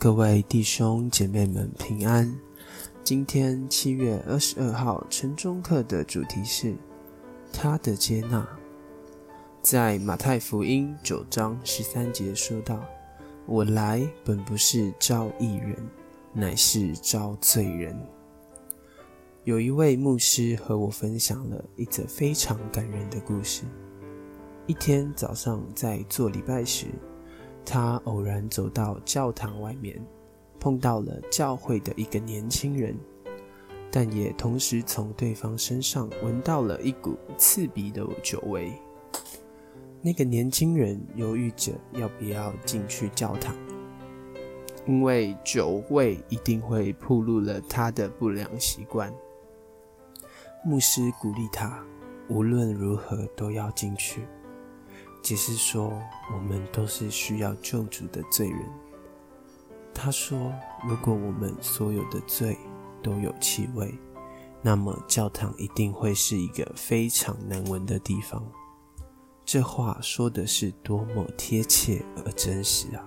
各位弟兄姐妹們平安。今天七月二十二號晨鐘課的主題是他的接納。在馬太福音九章十三節說道：“我來本不是召義人，乃是召罪人。”有一位牧師和我分享了一則非常感人的故事。一天早上在做禮拜時，他偶然走到教堂外面，碰到了教會的一個年輕人，但也同時從對方身上聞到了一股刺鼻的酒味。那個年輕人猶豫着要不要進去教堂，因為酒味一定會暴露了他的不良習慣。牧師鼓勵他，無論如何都要進去。解釋說：“我們都是需要救主的罪人。”他說：“如果我們所有的罪都有氣味，那麼教堂一定會是一個非常難聞的地方。”這話說的是多麼貼切而真實啊！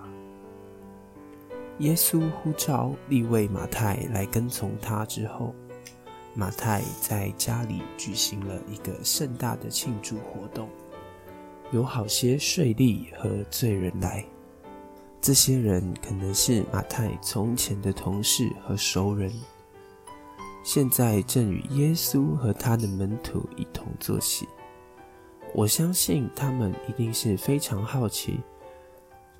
耶穌呼召利未馬太來跟從他之後，馬太在家裡舉行了一個盛大的慶祝活動。有好些稅吏和罪人來，這些人可能是馬太從前的同事和熟人，現在正與耶穌和他的門徒一同坐席，我相信他們一定是非常好奇，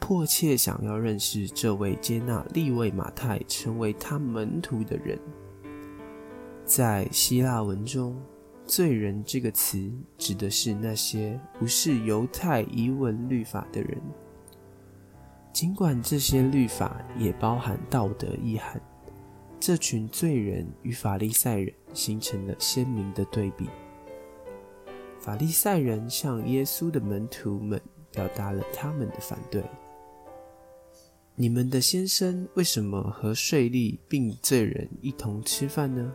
迫切想要認識這位接納利未馬太成為他門徒的人。在希臘文中。罪人這個詞指的是那些無視猶太儀文律法的人，儘管這些律法也包含道德意涵。這群罪人與法利賽人形成了鮮明的對比。法利賽人向耶穌的門徒們表達了他們的反對：“你們的先生為什麼和稅吏並以罪人一同吃飯呢？”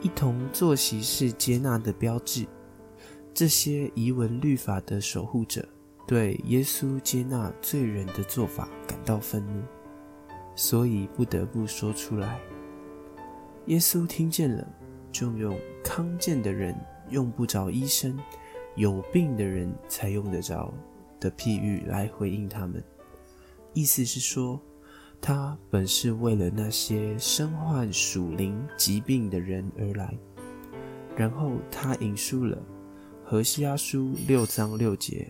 一同坐席是接納的標誌。這些儀文律法的守護者對耶穌接納罪人的做法感到憤怒，所以不得不說出來。耶穌聽見了，就用“康健的人用不着醫生，有病的人才用得着”的譬喻來回應他們，意思是說。他本是為了那些身患屬靈疾病的人而來，然後他引述了《何西阿書》六章六節：“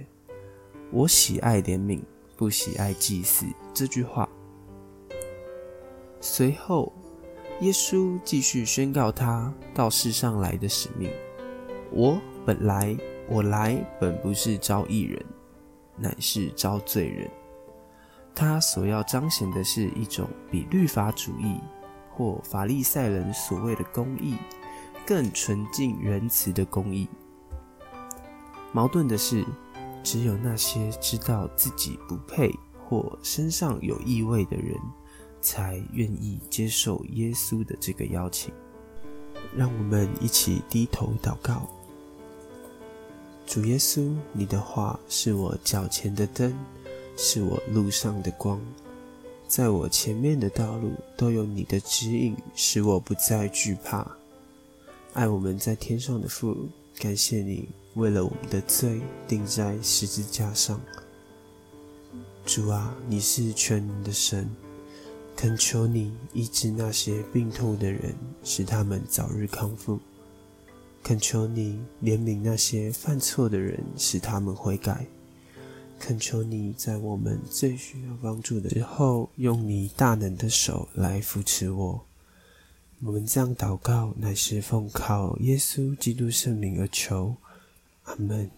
我喜愛憐憫，不喜愛祭祀。”這句話。隨後，耶穌繼續宣告他到世上來的使命：“我本來，我來本不是招義人，乃是招罪人。”他所要彰顯的是一種比律法主義或法利賽人所謂的公義更純淨仁慈的公義。矛盾的是，只有那些知道自己不配或身上有異味的人，才願意接受耶穌的這個邀請。讓我們一起低頭禱告。主耶穌，你的話是我腳前的燈。是我路上的光，在我前面的道路都有你的指引，使我不再懼怕。愛我們在天上的父，感謝你為了我們的罪釘在十字架上。主啊，你是全能的神，懇求你醫治那些病痛的人，使他們早日康復；懇求你憐憫那些犯錯的人，使他們悔改。懇求你在我們最需要幫助的時候，用你大能的手來扶持我。我們這樣禱告，乃是奉靠耶穌基督聖名而求。阿門。